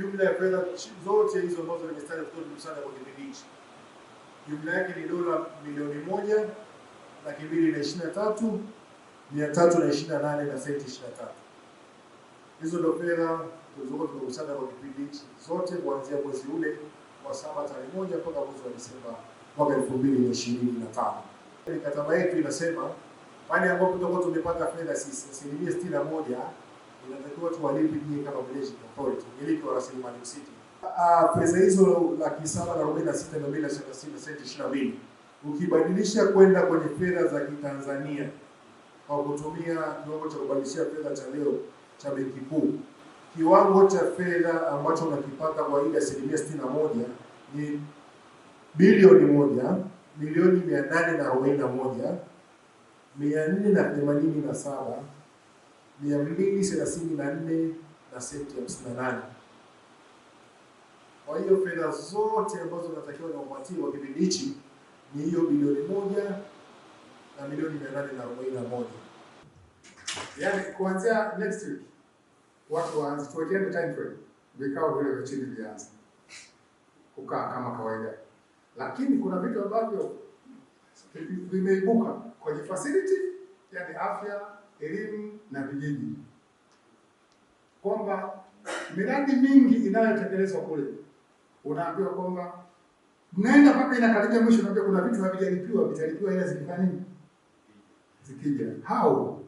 jumla ya fedha zote hizo ambazo ni zimetajwa kutoa msaada kwa kipindi hichi jumla yake ni dola milioni moja laki mbili na ishirini na tatu mia tatu na ishirini na nane na senti ishirini na tatu. Hizo ndo fedha tulizokuwa tumekusanya kwa kipindi hichi zote kuanzia mwezi ule wa saba tarehe moja mpaka mwezi wa Desemba mwaka elfu mbili na ishirini na tano. Mikataba yetu inasema pale ambapo tutakuwa tumepata fedha sisi asilimia sitini na moja inatakiwa tuwalipi nyinyi kama village authority, miliki wa rasilimali msitu. Pesa ah, hizo laki saba na arobaini na sita mia mbili na senti ishirini na mbili ukibadilisha kwenda kwenye fedha za Kitanzania kwa kutumia kiwango cha kubadilishia fedha cha leo cha Benki Kuu, kiwango cha fedha ambacho unakipata kwa ile asilimia sitini na moja ni bilioni moja milioni mia nane na arobaini na moja mia nne na themanini na saba mia mbili thelathini na nne na senti hamsini na nane. Kwa hiyo fedha zote ambazo natakiwa niwapatie kwa kipindi hichi ni hiyo bilioni moja na milioni mia nane na arobaini na moja. Yaani kuanzia next week watu waanze tuwekeane time frame, vikao vile vya chini vianze kukaa kama kawaida, lakini kuna vitu ambavyo vimeibuka kwenye facility, yani afya elimu na vijiji, kwamba miradi mingi inayotekelezwa kule unaambiwa kwamba naenda mpaka inakaribia mwisho, unaambia kuna vitu havijalipiwa, vitalipiwa ila zikifanya nini, zikija hao.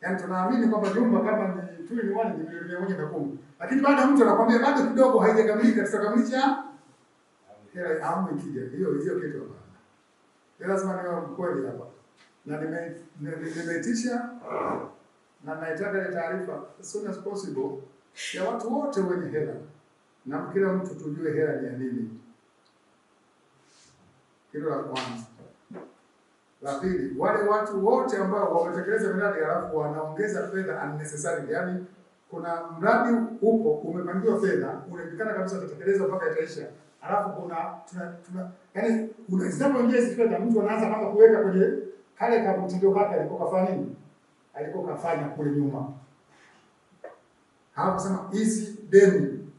Yaani tunaamini kwamba jumba kama ni tuli ni wani ni milioni mia moja na kumi, lakini baada mtu anakwambia bado kidogo, haijakamilika, tutakamilisha hela amu ikija. Hiyo hiyo kitu hapa. Ni lazima niwe mkweli hapa na nimeitisha na naitaka ile taarifa as soon as possible ya watu wote wenye hela, na kila mtu tujue hela ni ya nini. Hilo la kwanza. La pili, wale watu wote ambao wametekeleza miradi halafu wanaongeza fedha unnecessarily, yani kuna mradi upo umepangiwa fedha unaonekana kabisa utatekeleza mpaka itaisha, halafu kuna tuna, tuna, yaani unazama wenyewe hizi fedha, mtu anaanza kama kuweka kwenye kale kamtindo kake alikuwa kafanya nini? Alikuwa kafanya kule nyuma. Hapo sema hizi deni,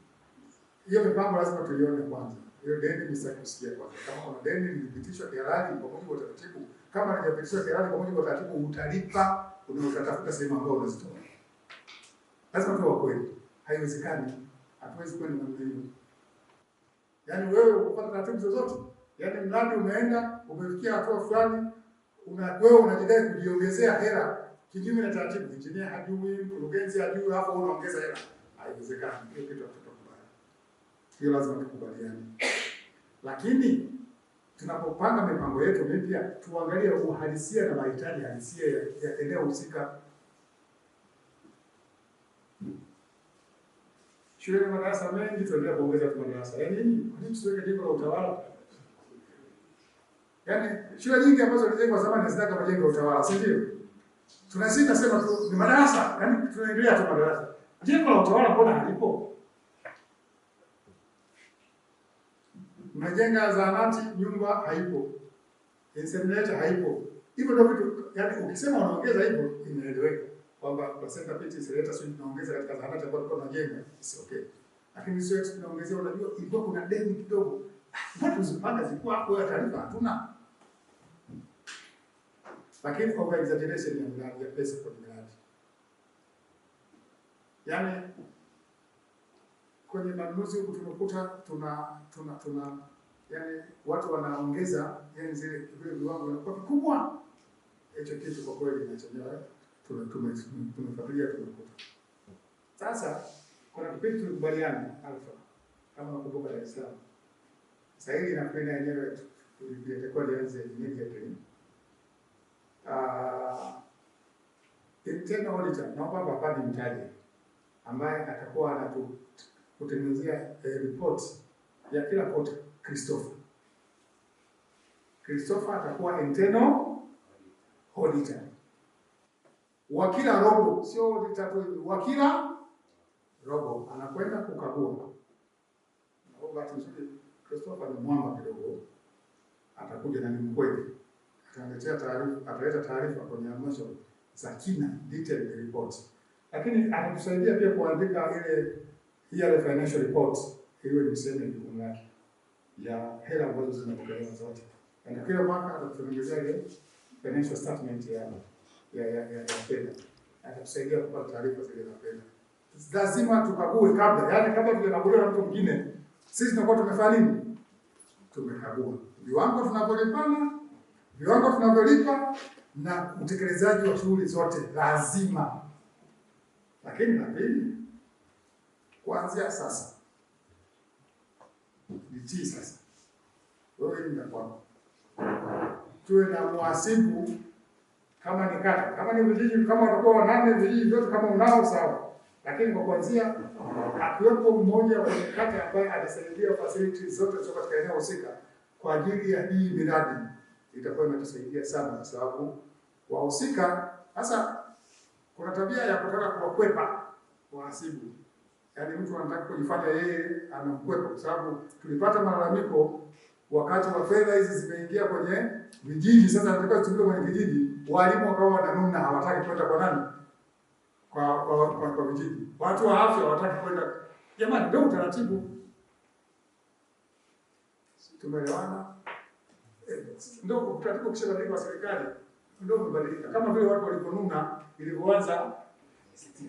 hiyo mipango lazima tuione kwanza. Hiyo deni ni sasa kusikia kwanza, kama kuna deni lilipitishwa kihalali kwa mujibu wa taratibu, kama halijapitishwa kihalali kwa mujibu wa taratibu, utalipa utatafuta sehemu ambayo unazitoa. Lazima tuwe kweli, haiwezekani, hatuwezi kwenda namna hiyo. Yaani wewe ukupata taratibu zozote, yaani mradi umeenda umefikia hatua fulani una wewe unajidai kujiongezea hela kinyume na taratibu. Injinia hajui, mkurugenzi hajui, hapo unaongeza hela, haiwezekani. Hiyo kitu hatutakubali, hiyo lazima tukubaliane. Lakini tunapopanga mipango yetu mipya, tuangalie uhalisia na mahitaji halisia ya ya eneo husika. Shule na madarasa mengi, tuendelea kuongeza kwa madarasa ya nini? Kwa nini tusiweke jengo la utawala Yaani shule nyingi ambazo zilijengwa zamani zinataka majengo ya utawala, si ndio? Tunasita sema tu ni madarasa, yaani tunaendelea tu madarasa. Jengo la utawala mbona halipo? Mnajenga zahanati, nyumba haipo. Inseminator haipo. Hivyo ndio vitu, yaani ukisema unaongeza hivyo inaeleweka kwamba kwa center pit inseminator sio tunaongeza katika zahanati ambayo tulikuwa tunajenga, si okay. Lakini sio tunaongezea, unajua ilikuwa kuna deni kidogo. Watu ah, zipanda zilikuwa hapo taarifa hatuna lakini over exaggeration ya mradi ya pesa kwa mradi. yaani kwenye manunuzi huku tumekuta tuna tuna tuna yani watu wanaongeza yani zile vile viwango vinakuwa vikubwa. Hicho kitu kwa kweli tuna kinachenyewe tumefuatilia tumekuta. Sasa kuna kipindi tulikubaliana Alfa, kama nakumbuka Dar es Salaam, sasa hivi inapenda yenyewe ilitakuwa lianze mid Aprili Ah, eh, tena auditor, naomba hapa ni mtaje ambaye atakuwa anatutengenezea eh, report ya kila kota. Christopher Christopher atakuwa internal auditor wa kila robo, sio auditor tu, wa kila robo anakwenda kukagua. Naomba tumsikie Christopher ni mwamba kidogo, atakuja na ni mkweli ataletea taarifa, ataleta taarifa kwenye halmashauri za kina detailed report, lakini atatusaidia pia kuandika ile year financial report, hiyo ni sema jukumu lake ya hela ambazo zinapokelewa zote, na kila mwaka atatuongezea ile financial statement ya ya ya ya, ya fedha, atatusaidia kupata taarifa zile za fedha. Lazima tukague kabla, yaani kabla tujakaguliwa na mtu mwingine, sisi tunakuwa tumefanya nini? Tumekagua viwango tunavyolipana viwango tunavyolipa na utekelezaji wa shughuli zote lazima. Lakini la pili, kuanzia sasa nitii sasa, wewe ni tuwe na mhasibu kama ni kata, kama ni vijiji, kama watakuwa wanane vijiji vyote, kama unao sawa, lakini kwa kuanzia akiwepo mmoja kwenye kata ambaye alisaidia facilities zote zote katika eneo husika kwa ajili ya hii miradi itakuwa imetusaidia sana kwa sababu wahusika hasa kuna tabia ya kutaka kuwakwepa wahasibu, yaani mtu anataka kujifanya yeye anamkwepa, kwa sababu tulipata malalamiko wakati wa fedha hizi zimeingia kwenye vijiji. Sasa nataka zitumike kwenye vijiji, walimu wakawa wananuna, hawataki kwenda kwa nani, kwa kwa, kwa, kwa vijiji. Watu wa afya hawataki kwenda. Jamani, ndio utaratibu. Tumeelewana? ndio kisha badiliko wa serikali ndio umebadilika, kama vile watu waliponuna ilipoanza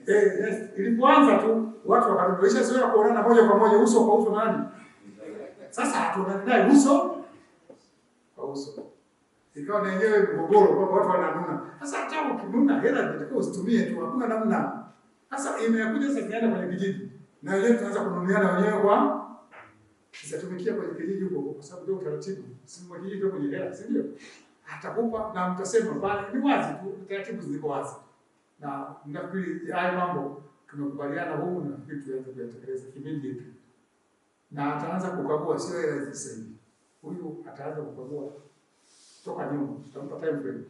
eh, ilipoanza tu watu wakarudisha sio kuonana moja kwa moja uso kwa uso nani. Sasa hatuonani naye uso kwa uso, ikawa na yenyewe mgogoro kwamba watu wananuna. Sasa hata ukinuna hela zinatakiwa usitumie tu, hakuna namna. Sasa imekuja sasa, tunaenda kwenye kijiji na wenyewe tunaanza kununiana wenyewe kwa kitatumikia kwenye kijiji huko, kwa sababu ndio utaratibu. Si Simwagilie kijiji kwenye hela, si ndio? Atakupa na mtasema pale, ni wazi tu, taratibu ziko wazi. Na nafikiri haya mambo tumekubaliana huko, na nafikiri tuanze tekeleza kipindi hiki, na ataanza kukagua, sio hela hizi sasa hivi. Huyu ataanza kukagua toka nyuma, tutampa time frame,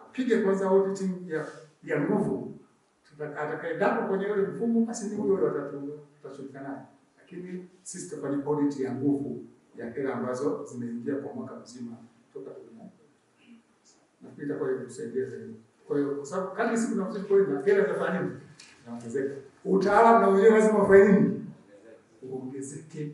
apige kwanza auditing ya ya nguvu atakayedapo kwenye ule mfumo, basi ni huyo Tutashirikana naye lakini sisi tutafanya audit ya nguvu ya hela ambazo zimeingia kwa mwaka mzima toka duniani. Nafikiri itakuwa kusaidia zaidi. Kwa hiyo kwa sababu kadri siku tunazidi kwenda, hela Utaalamu na wenyewe lazima ufanye nini? Uongezeke.